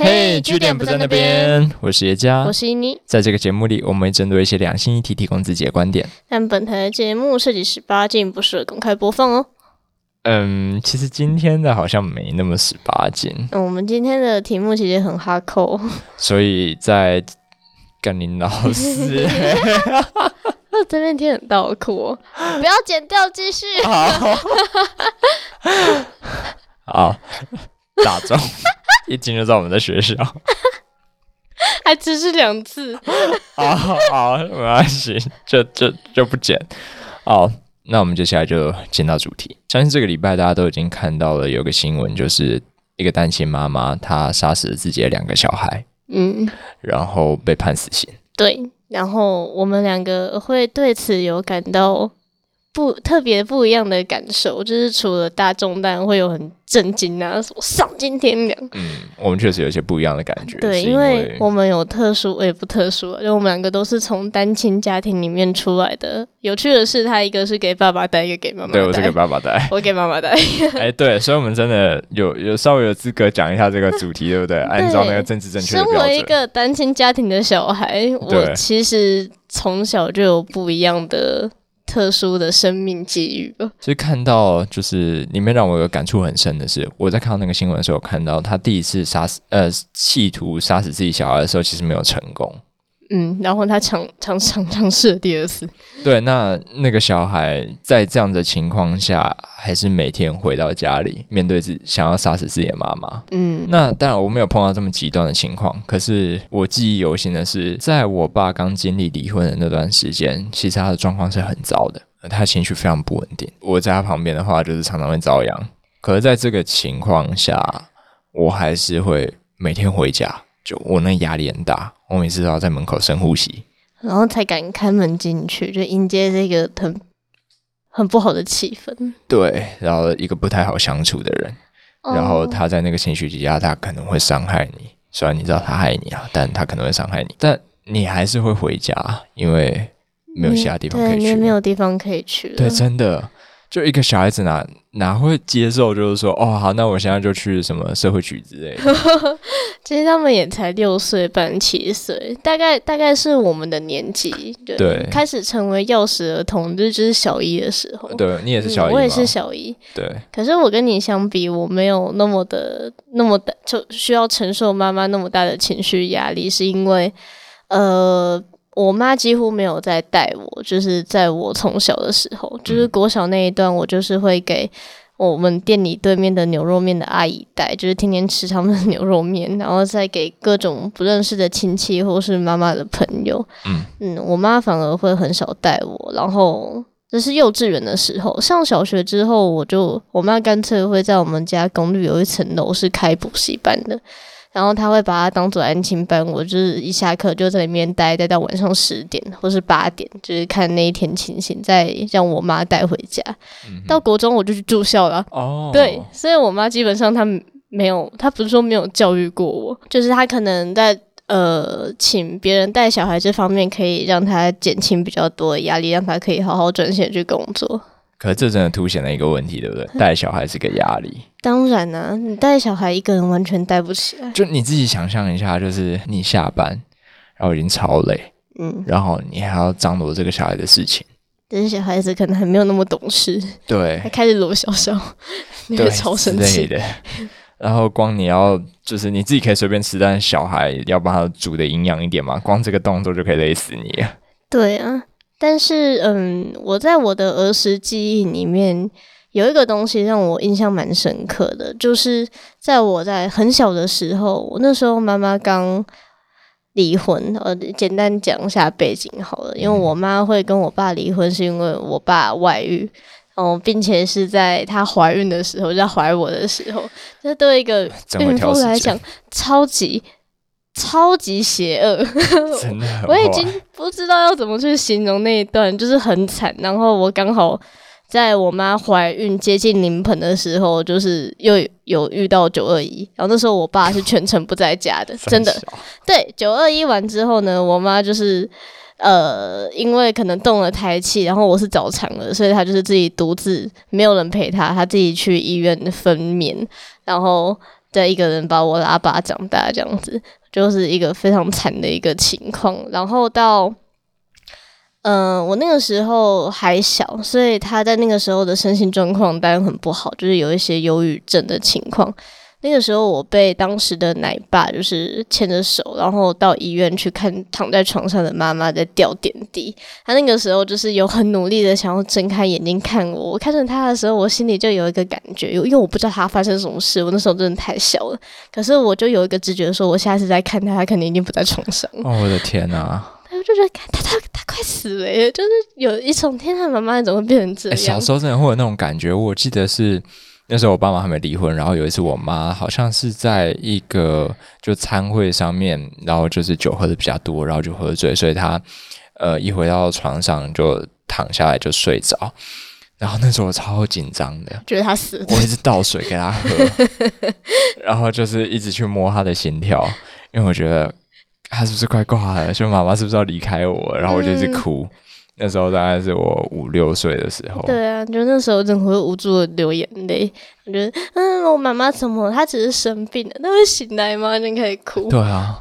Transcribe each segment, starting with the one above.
嘿，據點不在那邊。我是葉佳，我是依妮。在這個節目裡，我們會針對一些兩性議題提供自己的觀點。但本台節目涉及十八禁，不適合公開播放哦。嗯，其實今天的好像沒那麼十八禁。我們今天的題目其實很哈扣，所以在乾您老師。那 這邊聽很倒扣哦。不要剪掉繼、 啊，繼續。好。好。打中，一聽就知道我們在學校， 還只是兩次，好 好、啊啊、沒關係，就就就不剪。好，那我們接下來就進到主題。相信這個禮拜大家都已經看到了，有個新聞，就是一個單親媽媽，她殺死了自己的兩個小孩，嗯，然後被判死刑。對，然後我們兩個會對此有感到，不特別不一樣的感受，就是除了大眾當然會有很震驚啊，什麼喪盡天良。嗯，我們確實有一些不一樣的感覺。對，因為我們有特殊，我也不特殊，啊，因為我們兩個都是從單親家庭裡面出來的。有趣的是，他一個是給爸爸帶，一個給媽媽帶。對，我是給爸爸帶，我給媽媽帶。哎 、欸，對，所以我們真的有有稍微有資格講一下這個主題， 對不對？按照那個政治正確的標準。身為一個單親家庭的小孩，我其實從小就有不一樣的。特殊的生命機遇。所以看到就是裡面讓我有感觸很深的是，我在看到那個新聞的時候，看到他第一次殺死呃，企圖殺死自己小孩的時候，其實沒有成功。嗯，然後他嘗嘗嘗嘗試第二次。對，那那個小孩在這樣的情況下，還是每天回到家裡面對自己想要殺死自己的媽媽。嗯，那當然我沒有碰到這麼極端的情況，可是我記憶猶新的是，在我爸剛經歷離婚的那段時間，其實他的狀況是很糟的，他的情緒非常不穩定。我在他旁邊的話，就是常常會遭殃。可是在這個情況下，我還是會每天回家，就我那壓力很大。我每次都要在門口深呼吸，然後才敢開門進去，就迎接這個很很不好的氣氛。對，然後一個不太好相處的人，哦、然後他在那個情緒底下，他可能會傷害你。雖然你知道他愛你啊，但他可能會傷害你。但你還是會回家，因為沒有其他地方可以去，嗯、對，沒有地方可以去。對，真的。就一個小孩子哪哪會接受？就是說哦，好，那我現在就去什麼社會局之類的。 其實他們也才六歲半、七歲，大概大概是我們的年紀，對，開始成為鑰匙兒童，就就是小一的時候。對，你也是小一、嗯，我也是小一。對，可是我跟你相比，我沒有那麼的那麼大，就需要承受媽媽那麼大的情緒壓力，是因為呃。我媽幾乎沒有在帶我，就是在我從小的時候，就是國小那一段，我就是會給我們店裡對面的牛肉麵的阿姨帶，就是天天吃他們的牛肉麵，然後再給各種不認識的親戚或是媽媽的朋友。嗯嗯，我媽反而會很少帶我。然後這是幼稚園的時候，上小學之後，我就我媽乾脆會在我們家公寓有一層樓是開補習班的。然後他會把他當做安親班，我就是一下課就在裡面待，待到晚上十點或是八點，就是看那一天情形，再讓我媽帶回家。嗯，到國中我就去住校了。哦。對，所以我媽基本上她沒有，她不是說沒有教育過我，就是她可能在呃請別人帶小孩這方面，可以讓她減輕比較多的壓力，讓她可以好好賺錢去工作。可是這真的凸顯了一個問題，對不對？帶小孩是個壓力。當然啦、啊，你帶小孩一個人完全帶不起來。就你自己想象一下，就是你下班，然後已經超累，嗯，然後你還要張羅這個小孩的事情。但是小孩子可能還沒有那麼懂事，對，還開始羅小小，對， 超生氣的。 然後光你要就是你自己可以隨便吃，但小孩要幫他煮得營養一點嘛，光這個動作就可以累死你。對啊。但是，嗯，我在我的兒時記憶裡面有一個東西讓我印象蠻深刻的，就是在我在很小的時候，我那時候媽媽剛離婚。呃，簡單講一下背景好了，因為我媽會跟我爸離婚是因為我爸外遇，哦、呃，並且是在她懷孕的時候，在懷我的時候，這對一個孕婦來講超級。超級邪惡， 真的很， 我已經不知道要怎麼去形容那一段，就是很慘。然後我剛好在我媽懷孕接近臨盆的時候，就是又有遇到九二一，然後那時候我爸是全程不在家的， 真的。真對，九二一完之後呢，我媽就是呃，因為可能動了胎氣，然後我是早產了，所以她就是自己獨自沒有人陪她，她自己去醫院分娩，然後再一個人把我拉拔長大這樣子。嗯就是一個非常慘的一個情況，然後到，嗯、呃，我那個時候還小，所以他在那個時候的身心狀況當然很不好，就是有一些憂鬱症的情況。那個時候，我被當時的奶爸就是牽着手，然後到醫院去看躺在床上的媽媽在吊點滴。他那個時候就是有很努力的想要睜開眼睛看我。我看着他的時候，我心裡就有一個感覺，因為我不知道他發生什麼事。我那時候真的太小了，可是我就有一個直覺，說我下次再看他，他肯定已經不在床上了。哦，我的天哪、啊！我就覺得他，他他，他快死了耶，就是有一種天他媽媽怎麼會變成這樣、欸？小時候真的會有那種感覺，我記得是。那時候我爸媽還沒離婚，然後有一次我媽好像是在一個就餐會上面，然後就是酒喝的比較多，然後就喝醉，所以她呃一回到床上就躺下來就睡着，然後那時候我超緊張的，覺得她死，我一直倒水給她喝， 然後就是一直去摸她的心跳，因為我覺得她是不是快掛了，就媽媽是不是要離開我，然後我就一直哭。嗯那時候大概是我五六歲的時候，對啊，就那時候真的會無助的流眼淚，我覺得，嗯，我媽媽怎麼，她只是生病了，她會醒來嗎？就可以哭，對啊，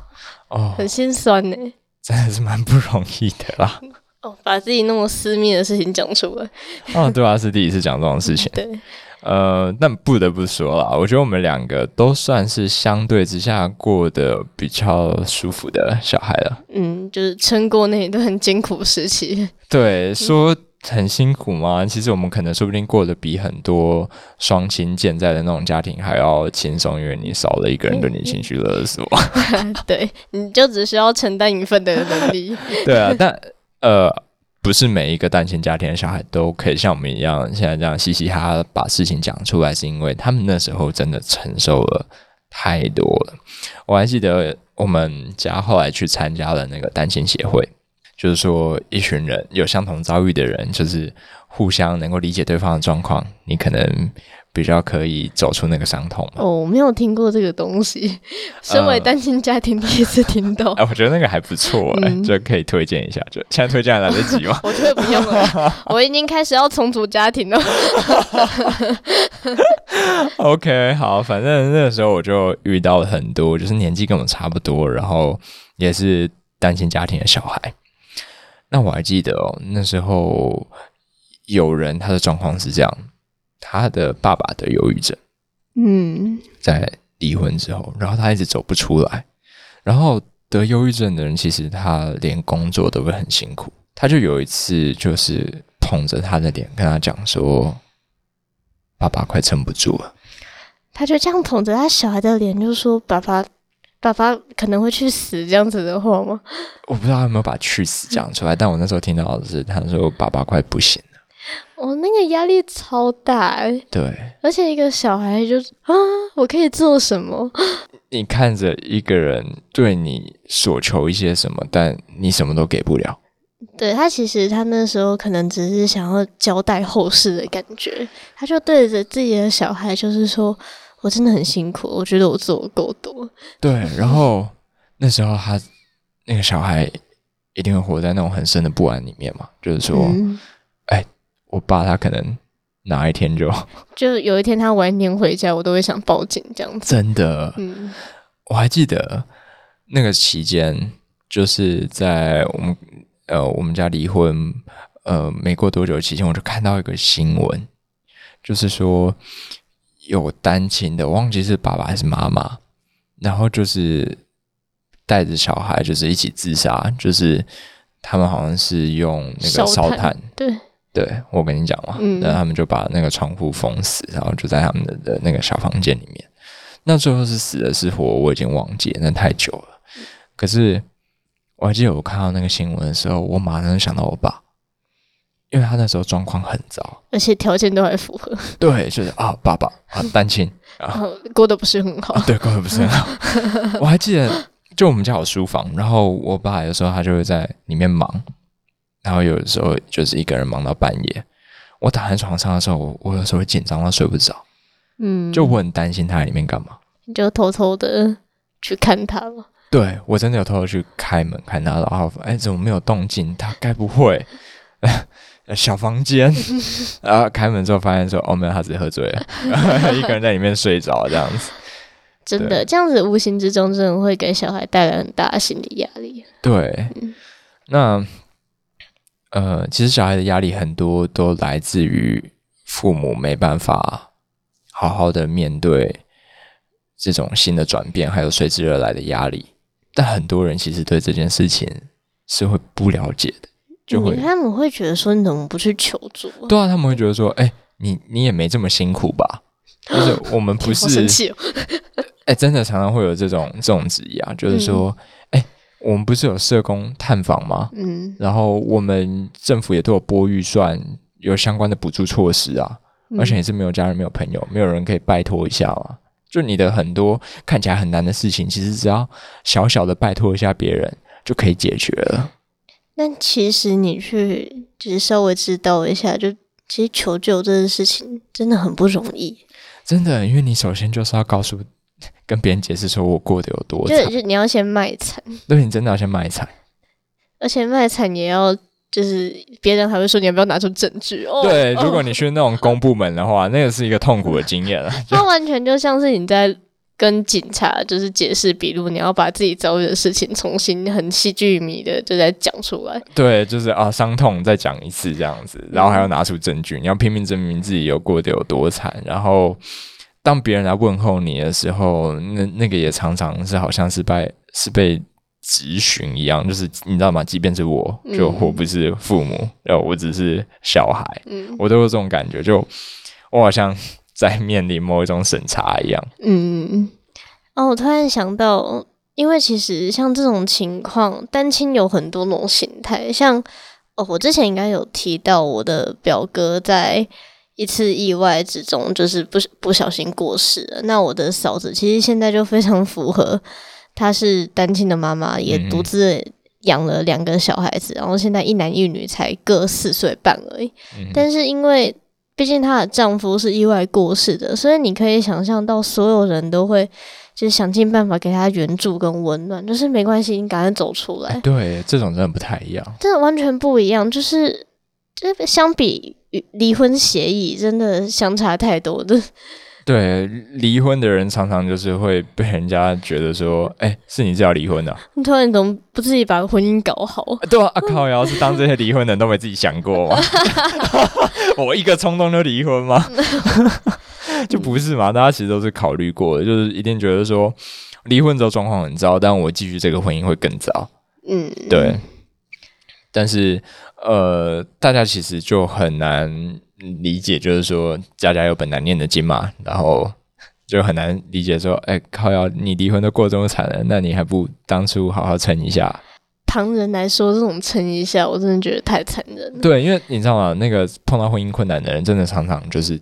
哦，很心酸呢，真的是蠻不容易的啦，哦，把自己那麼私密的事情講出來，哦，對啊，是第一次講這種事情、 嗯，對。呃，但不得不說啦，我覺得我們兩個都算是相對之下過得比較舒服的小孩了。嗯，就是撐過那一段艱苦時期。對，說很辛苦嘛、嗯。其實我們可能說不定過得比很多雙親健在的那種家庭還要輕鬆，因為你少了一個人對你情緒勒索。嗯嗯、 對，你就只需要承擔一份的能力。 對啊，但呃。不是每一個單親家庭的小孩都可以像我們一樣，現在這樣嘻嘻哈哈的把事情講出來，是因為他們那時候真的承受了太多了。我還記得我們家後來去參加了那個單親協會，就是說一群人有相同遭遇的人，就是互相能夠理解對方的狀況，你可能。比較可以走出那個傷痛哦，哦、oh,，我沒有聽過這個東西。身為單親家庭，第一次聽到。哎、uh, 呃，我覺得那個還不錯，欸，哎、嗯，就可以推薦一下。就現在推薦還來得及嗎？ 我覺得不用了， 我已經開始要重組家庭了。 OK，好，反正那個時候我就遇到了很多，就是年紀跟我差不多，然後也是單親家庭的小孩。那我還記得哦，那時候有人他的狀況是這樣。他的爸爸得憂鬱症，嗯，在離婚之後，然後他一直走不出來。然後得憂鬱症的人，其實他連工作都會很辛苦。他就有一次，就是捧着他的臉，跟他講說：“爸爸快撐不住了。”他就這樣捧着他小孩的臉，就說：“爸爸，爸爸可能會去死，這樣子的話嗎？”我不知道他有沒有把“去死”講出來，嗯，但我那時候聽到的是，他說：“爸爸快不行。”我那個壓力超大，欸，對，而且一個小孩就啊，我可以做什麼？你看着一個人對你索求一些什麼，但你什麼都給不了。對，他其實他那時候可能只是想要交代後事的感覺，他就對着自己的小孩，就是說我真的很辛苦，我覺得我做得夠多。對，然後 那時候他那個小孩一定會活在那種很深的不安裡面嘛，就是說。嗯我爸，他可能哪一天就，就是有一天他晚點回家，我都會想報警這樣子。真的，嗯，我還記得那個期間，就是在我們呃我們家離婚呃沒過多久期間，我就看到一個新聞，就是說有單親的，忘記是爸爸還是媽媽，然後就是帶着小孩，就是一起自殺，就是他們好像是用那個燒炭，炭，對。對，我跟你講嘛、嗯，然後他們就把那個窗戶封死，然後就在他們的的那個小房間裡面。那最後是死的是活，我已經忘記，那太久了、嗯。可是我還記得我看到那個新聞的時候，我馬上想到我爸，因為他那時候狀況很糟，而且條件都還符合。對，就是啊，爸爸啊，單親，啊、然後過得不是很好、啊。對，過得不是很好。 我還記得，就我們家有書房，然後我爸有時候他就會在裡面忙。然後有的時候就是一個人忙到半夜，我躺在床上的時候，我我有時候會緊張到睡不着，嗯，就我很擔心他在裡面幹嘛，你就偷偷的去看他了，對我真的有偷偷去開門看他，然後哎怎麼沒有動靜？他該不會 小房間， 然後開門之後發現說哦沒有，他自己喝醉了， 一個人在裡面睡着這樣子，真的這樣子，無形之中真的會給小孩帶來很大的心理壓力，對，嗯、那。呃，其實小孩的壓力很多都來自於父母沒辦法好好的面對這種新的轉變，還有隨之而來的壓力。但很多人其實對這件事情是會不了解的，就會他們會覺得說你怎麼不去求助？啊。對啊，他們會覺得說，哎，欸，你你也沒這麼辛苦吧？就是我們不是，哎、 欸，真的常常會有這種這種質疑啊，就是說。嗯我們不是有社工探訪嗎？嗯，然後我們政府也都有撥預算，有相關的補助措施啊，嗯。而且也是沒有家人、沒有朋友、沒有人可以拜托一下啊。就你的很多看起來很難的事情，其實只要小小的拜托一下別人，就可以解決了。但其實你去，就是稍微知道一下，就其實求救這件事情真的很不容易。真的，因為你首先就是要告訴。跟別人解釋說我過得有多慘，對，就是你要先賣慘。對，你真的要先賣慘，而且賣慘也要就是別人還會說你要不要拿出證據哦。對哦，如果你去那種公部門的話， 那個是一個痛苦的經驗了。它完全就像是你在跟警察就是解釋筆錄，你要把自己遭遇的事情重新很戲劇迷的就再講出來。對，就是啊，傷痛再講一次這樣子，然後還要拿出證據，你要拼命證明自己有過得有多慘，然後。當別人來問候你的時候，那那個也常常是好像是被是被質詢一樣，就是你知道嗎？即便是我就我不是父母，嗯、我只是小孩，嗯，我都有這種感覺，就我好像在面臨某一種審查一樣。嗯，哦，我突然想到，因為其實像這種情況，單親有很多種形態，像哦，我之前應該有提到我的表哥在。一次意外之中，就是不不小心過世了。那我的嫂子其實現在就非常符合，她是單親的媽媽，也獨自養了兩個小孩子，嗯嗯，然後現在一男一女，才各四歲半而已。嗯嗯，但是因為畢竟她的丈夫是意外過世的，所以你可以想象到，所有人都會就是想盡辦法給她援助跟溫暖，就是沒關係，你趕快走出來。欸、對，這種真的不太一樣，這完全不一樣，就是就相比。離婚協議真的相差太多。的對，離婚的人常常就是會被人家覺得說：“哎、欸，是你自己要離婚的、啊。”你突然怎麼不自己把婚姻搞好、啊？對啊，阿、啊、靠！要是當這些離婚的都沒自己想過嗎？ 我一個衝動就離婚嗎？ 就不是嘛？大家其實都是考慮過的，就是一定覺得說離婚之後狀況很糟，但我繼續這個婚姻會更糟。嗯，對。但是。呃，大家其實就很難理解，就是說家家有本難念的經嘛，然後就很難理解說，哎，靠，要你離婚都過這麼慘了，那你還不當初好好撐一下？旁人來說這種撐一下，我真的覺得太殘忍了。對，因為你知道嗎？那個碰到婚姻困難的人，真的常常就是。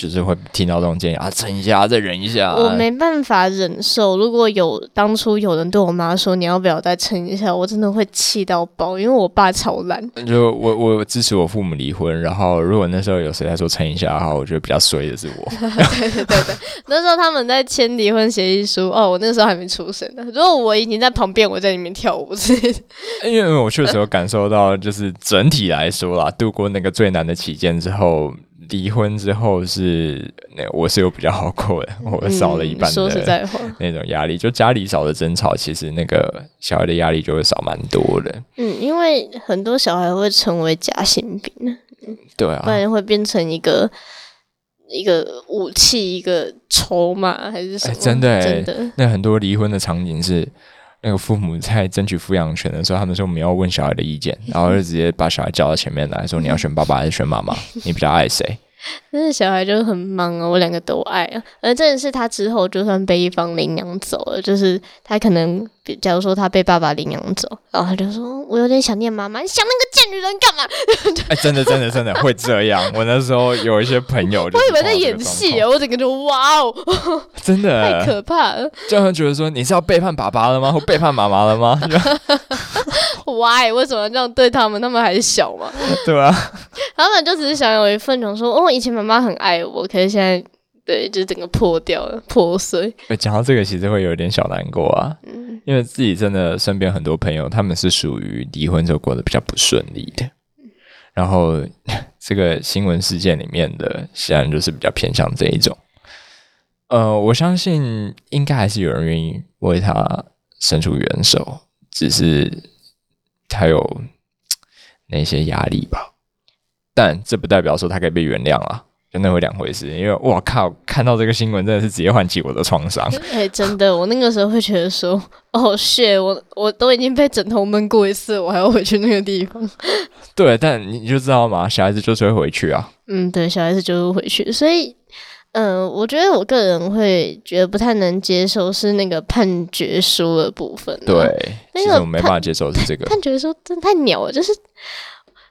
就是會聽到這種建議啊，撐一下，再忍一下。我沒辦法忍受。如果有當初有人對我媽說“你要不要再撐一下”，我真的會氣到爆。因為我爸超懶。就我我支持我父母離婚。然後如果那時候有誰來說“撐一下”的話，我覺得比較衰的是我。 對對對對，那時候他們在簽離婚協議書哦，我那時候還沒出生呢。如果我已經在旁邊，我在裡面跳舞之類的。因為我確實有感受到，就是整體來說啦，度過那個最難的期間之後。離婚之後是那、欸、我是有比較好過的，我少了一半的那種壓力、嗯，說實在話。就家裡少了爭吵，其實那個小孩的壓力就會少蠻多的。嗯，因為很多小孩會成為夾心餅，對啊，不然會變成一個一個武器、一個籌碼還是什麼、欸，真的欸，真的。那很多離婚的場景是。那個父母在爭取撫養權的時候，他們說沒有問小孩的意見，然後就直接把小孩叫到前面來說：“你要選爸爸還是選媽媽？你比較愛誰？”真的小孩就是很忙啊、哦，我兩個都愛啊。而真的是他之後就算被一方領養走了，就是他可能比，假如說他被爸爸領養走，然後他就說：“我有點想念媽媽，你想那個賤女人幹嘛？”哎、欸，真的，真的，真的 會這樣。我那時候有一些朋友，我以為在演戲、欸，我整個就哇哦，哇真的太可怕了，就很覺得說你是要背叛爸爸了嗎？或背叛媽媽了嗎？我愛為什麼這樣對他們？他們還小嘛，對吧、啊？他們就只是想有一份，想說哦，以前媽媽很愛我，可是現在，對，就整個破掉了，破碎。講到這個，其實會有點小難過啊，嗯、因為自己真的身邊很多朋友，他們是屬於離婚之後過得比較不順利的。然後，這個新聞事件裡面的顯然就是比較偏向這一種。呃，我相信應該還是有人願意為他伸出援手，只是。才有那些壓力吧，但這不代表說他可以被原諒了，真的會兩回事。因為哇靠，看到這個新聞真的是直接喚起我的創傷。哎、欸，真的，我那個時候會覺得說， 哦 s 我我都已經被枕頭悶過一次，我還要回去那個地方。 對，但你就知道嘛，小孩子就是會回去啊。嗯，對，小孩子就是回去，所以。嗯、呃，我覺得我個人會覺得不太能接受是那個判決書的部分的。對，那個其實我沒辦法接受是這個判決書，真的太鳥了。就是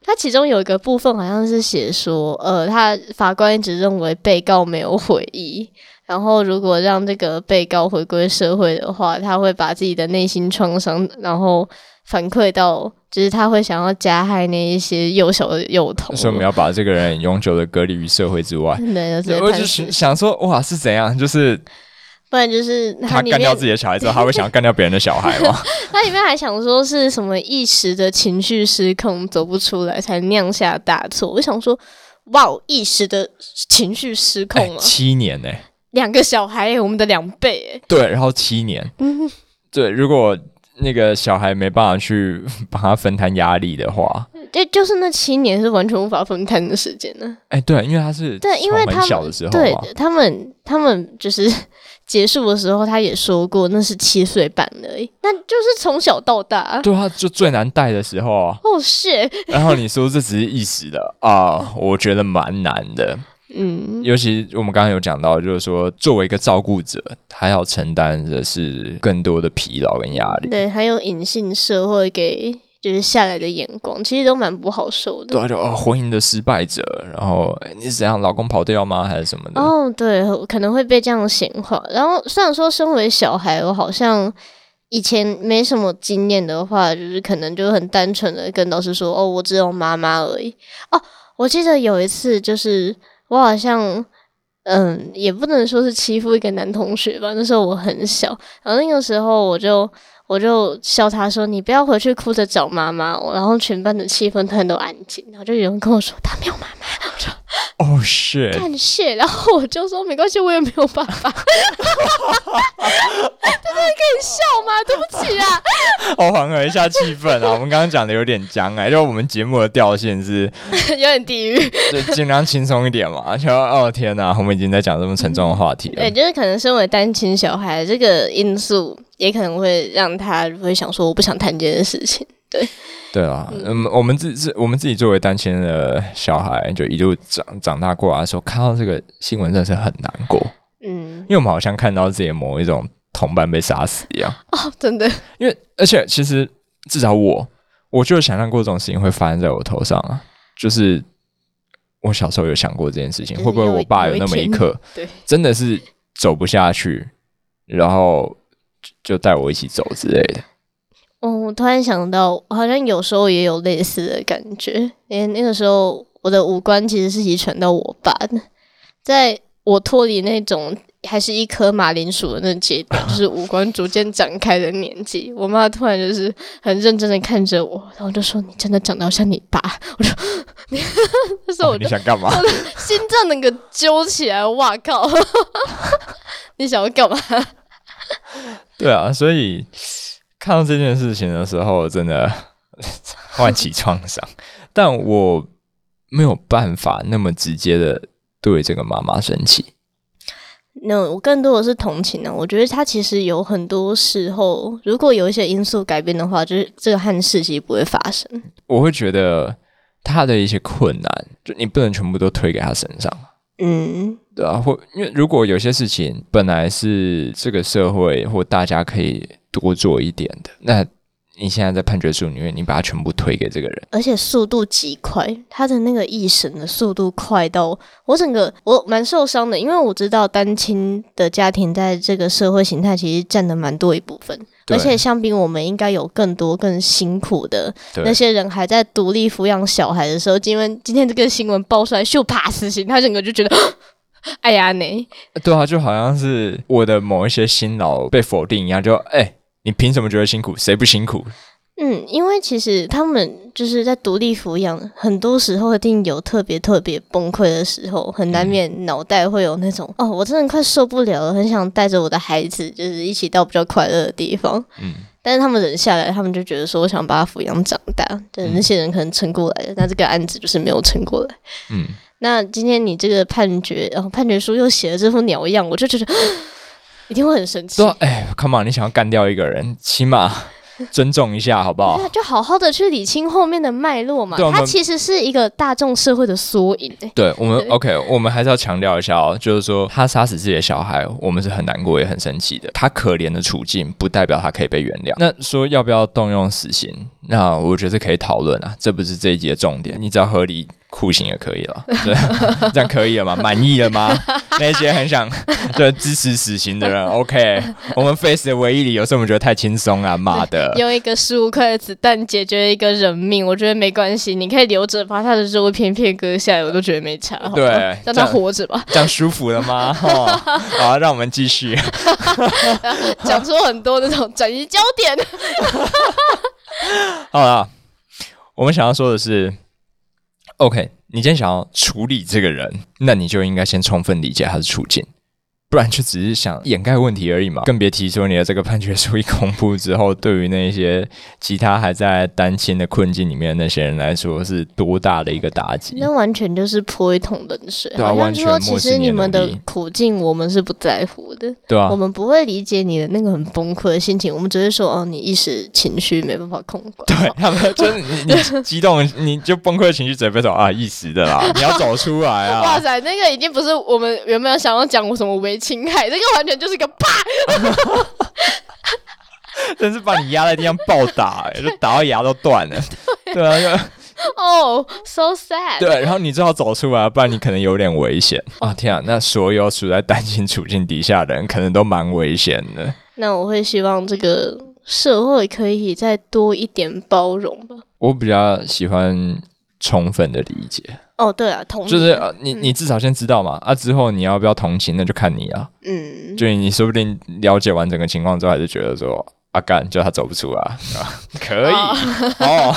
它其中有一個部分好像是寫說，呃，他法官一直認為被告沒有悔意，然後如果讓這個被告回歸社會的話，他會把自己的內心創傷，然後。反饋到，就是他會想要加害那一些幼小的幼童，所以我們要把這個人永久的隔離於社會之外。對，我就是想說，哇，是怎樣？就是，不然就是他幹掉自己的小孩之後，他會想要幹掉別人的小孩嗎？ 他裡面還想說是什麼一時的情緒失控，走不出來才釀下大錯。我想說，哇，一時的情緒失控了、啊欸、七年呢、欸？兩個小孩、欸，我們的兩倍、欸。對，然後七年。 對，如果。那個小孩沒辦法去幫他分攤壓力的話，就、欸、就是那七年是完全無法分攤的時間呢。哎、欸，對，因為他是、啊、對，因為他們小的時候，對他們他們就是結束的時候，他也說過那是七歲半而已，那就是從小到大、啊。對他就最難帶的時候啊。哦，是。然後你說這只是一時的啊， uh, 我覺得蠻難的。嗯，尤其我們剛剛有講到，就是說作為一個照顧者，他要承擔的是更多的疲勞跟壓力。對，還有隱性社會給就是下來的眼光，其實都蠻不好受的。對，就、哦、婚姻的失敗者，然後、欸、你是怎樣，老公跑掉嗎，還是什麼的？哦，對，可能會被這樣閒話。然後雖然說身為小孩，我好像以前沒什麼經驗的話，就是可能就很單純的跟老師說，哦，我只有媽媽而已。哦，我記得有一次就是。我好像，嗯，也不能說是欺負一個男同學吧。那時候我很小，然後那個時候我就。我就笑他說：“你不要回去哭着找媽媽。”然後全班的氣氛突然都安靜，然後就有人跟我說：“他沒有媽媽。”我說：“哦是，感謝。”然後我就說：“沒關係，我也沒有爸爸。 ”哈哈哈哈哈！真的可以笑嗎？對不起啊！哦，緩和一下氣氛啊！我們剛剛講的有點僵哎、欸，因為我們節目的調性是 tahu 有點地獄， 就盡量輕鬆一點嘛。就哦、喔、天啊，我們已經在講這麼沉重的話題了嗯嗯。對，就是可能身為單親小孩這個因素。也可能會讓他會想說：“我不想談這件事情。”對，對啊，嗯，嗯，我們自己、自我們自己作為單親的小孩，就一路長長大過來的時候，看到這個新聞，真的是很難過。嗯，因為我們好像看到自己某一種同伴被殺死一樣。哦，真的。因為而且其實至少我，我就想象過這種事情會發生在我頭上啊。就是我小時候有想過這件事情，會不會我爸有那麼一刻，對，真的是走不下去，然後，就帶我一起走之類的。嗯，我突然想到，我好像有時候也有類似的感覺。因為那個時候我的五官其實是遺傳到我爸的，在我脫離那種還是一顆馬鈴薯的那階段，就是五官逐漸展開的年紀， 我媽突然就是很認真的看着我，然後就說：“你真的長得像你爸。我”啊、 我說：“你說我你想幹嘛？” 心臟那個揪起來，哇靠！ 你想要幹嘛？對啊，所以看到這件事情的時候，真的喚起創傷， 創 但我沒有辦法那麼直接的對這個媽媽生氣。那、no, 我更多的是同情呢、啊。我覺得他其實有很多時候，如果有一些因素改變的話，就是這個憾事其實不會發生。我會覺得他的一些困難，就你不能全部都推給他身上。嗯，對、嗯、啊，或因為如果有些事情本來是這個社會或大家可以多做一點的，那。你現在在判決書裡面，你把它全部推給這個人，而且速度極快，他的那個一審的速度快到我，我整個我蠻受傷的，因為我知道單親的家庭在這個社會形態其實佔的蠻多一部分，而且相比我們應該有更多更辛苦的那些人還在獨立撫養小孩的時候，今天今天這個新聞爆出來，秀怕死刑，他整個就覺得哎呀，你對啊，就好像是我的某一些辛勞被否定一樣，就哎。你憑什麼覺得辛苦？誰不辛苦？嗯，因為其實他們就是在獨立撫養，很多時候一定有特別特別崩潰的時候，很難免腦袋會有那種、嗯、哦，我真的快受不了了，很想帶着我的孩子，就是一起到比較快樂的地方。嗯，但是他們忍下來，他們就覺得說，我想把他撫養長大。對，那些人可能撐過來了、嗯，那這個案子就是沒有撐過來。嗯，那今天你這個判決，然、哦、後判決書又寫了這副鳥樣，我就覺得。一定會很生氣。說哎、啊、Come on，你想要幹掉一個人，起碼尊重一下，好不好？ 就好好的去理清後面的脈絡嘛。它其實是一個大眾社會的縮影。對我們對，OK，我們還是要強調一下哦，就是說，他殺死自己的小孩，我們是很難過也很生氣的。他可憐的處境不代表他可以被原諒。那說要不要動用死刑？那我覺得是可以討論啊，這不是這一集的重點。你只要合理。酷刑也可以了， 對，這樣可以了嗎？滿意了嗎？ 那些很想支持死刑的人 ，OK，我們 Face 的唯一理由是，我們覺得太輕鬆了，媽的，用一個十五塊的子彈解決一個人命，我覺得沒關係，你可以留着把他的肉片片割下來，我都覺得沒差，對，這樣讓他活着吧，這樣舒服了嗎？ 哦、好、啊，讓我們繼續講說 很多那種轉移焦點 。 好了，我們想要說的是。OK，你今天想要處理這個人，那你就應該先充分理解他的處境。不然就只是想掩蓋問題而已嘛，更別提說你的這個判決書一公布之後，對於那些其他還在單親的困境裡面的那些人來說，是多大的一個打擊？那完全就是潑一桶冷水，對啊，好像說其實你們的苦境我們是不在乎的，對啊，對啊，我們不會理解你的那個很崩潰的心情、啊，我們只是說哦，你一時情緒沒辦法控管。對他們就你，就 是你你激動你就崩潰的情緒，直接被說啊，一時的啦，你要走出來啊。 哇塞，那個已經不是我們有沒有想要講過什麼危。情海，這個完全就是一個啪， 真是把你壓在地上暴打，哎， 就打到牙都斷了。對，對啊，就、oh, 哦，so sad。對，然後你只好走出來，不然你可能有點危險啊！天啊，那所有處在單親處境底下的人，可能都蠻危險的。那我會希望這個社會可以再多一點包容吧。我比較喜歡充分的理解。哦、oh，對啊，同情就是你，你至少先知道嘛，嗯。啊，之後你要不要同情，那就看你了。嗯，就你說不定了解完整個情況之後，還是覺得說啊幹，啊，就他走不出啊。 可以哦，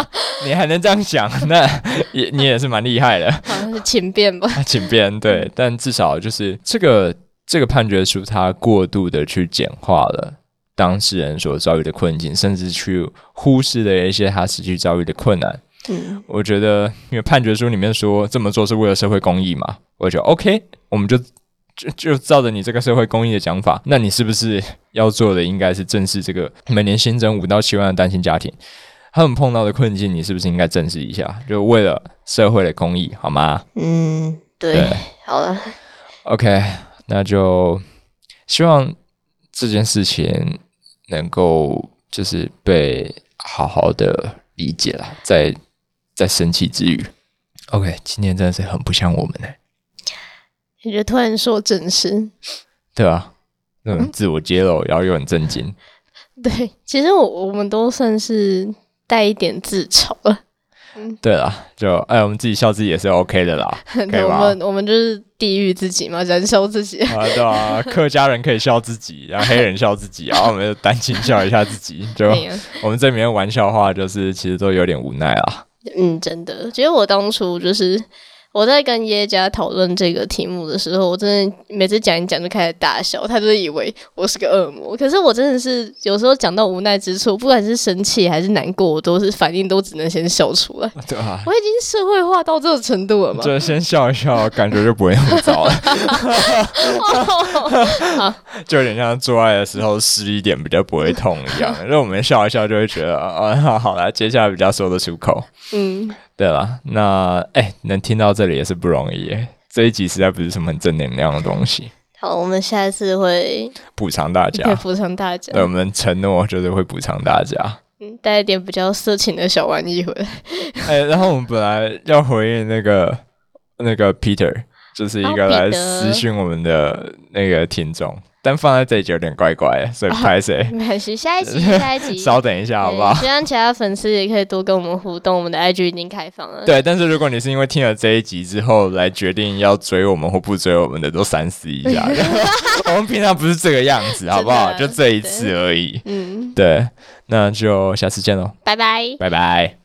你還能這樣想，那也你也是蠻厲害的。好像是情變吧？啊，情變對，但至少就是這個這個判決書，它過度的去簡化了當事人所遭遇的困境，甚至去忽視了一些他實際遭遇的困難。嗯，我覺得，因為判決書裡面說這麼做是為了社會公益嘛，我覺得 OK，我們就就就照着你這個社會公益的講法，那你是不是要做的應該是正視這個每年新增五到七萬的單親家庭，他們碰到的困境，你是不是應該正視一下？就為了社會的公益，好嗎？嗯，對，對，好了，OK，那就希望這件事情能夠就是被好好的理解了，在。在生氣之餘，OK，今天真的是很不像我們呢、欸。你就突然說正事，對啊，嗯，自我揭露有，然後又很震驚，對，其實我我們都算是帶一點自嘲了，嗯、對啊，就哎、欸，我們自己笑自己也是 OK 的啦，對、嗯、我們我們就是地獄自己嘛，想笑自己，啊，對啊，客家人可以笑自己，然後黑人笑自己， 然後我們就單親笑一下自己，就 對、啊、我們在裡面玩笑話就是其實都有點無奈啦。嗯，真的，其實我當初就是。我在跟耶家討論這個題目的時候，我真的每次講一講就開始大笑，他都以為我是個惡魔。可是我真的是有時候講到無奈之處，不管是生氣還是難過，我都是反應都只能先笑出來。對啊，我已經社會化到這種程度了嘛，就先笑一笑，感覺就不會那麼糟了。 就有點像做愛的時候濕一點比較不會痛一樣，因 為我們笑一笑就會覺得啊、哦，好啦，接下來比較說得出口。嗯。對啦，那哎、欸，能聽到這裡也是不容易耶。這一集實在不是什麼很正能量的東西。好，我們下一次會補償大家，補償大家。對，我們承諾，就是會補償大家。嗯，帶一點比較色情的小玩意回來。哎、欸，然後我們本來要回應那個那個 Peter，就是一個來私訊我們的那個聽眾。但放在這一集有點怪怪，所以拍誰沒事。下一集，下一集， 稍等一下，好不好？希、嗯、望其他粉絲也可以多跟我們互動。我們的 IG 已經開放了。對，但是如果你是因為聽了這一集之後來決定要追我們或不追我們的，都三思一下。 我們平常不是這個樣子，好不好？就這一次而已。嗯，對，那就下次見嘍。拜拜，拜拜。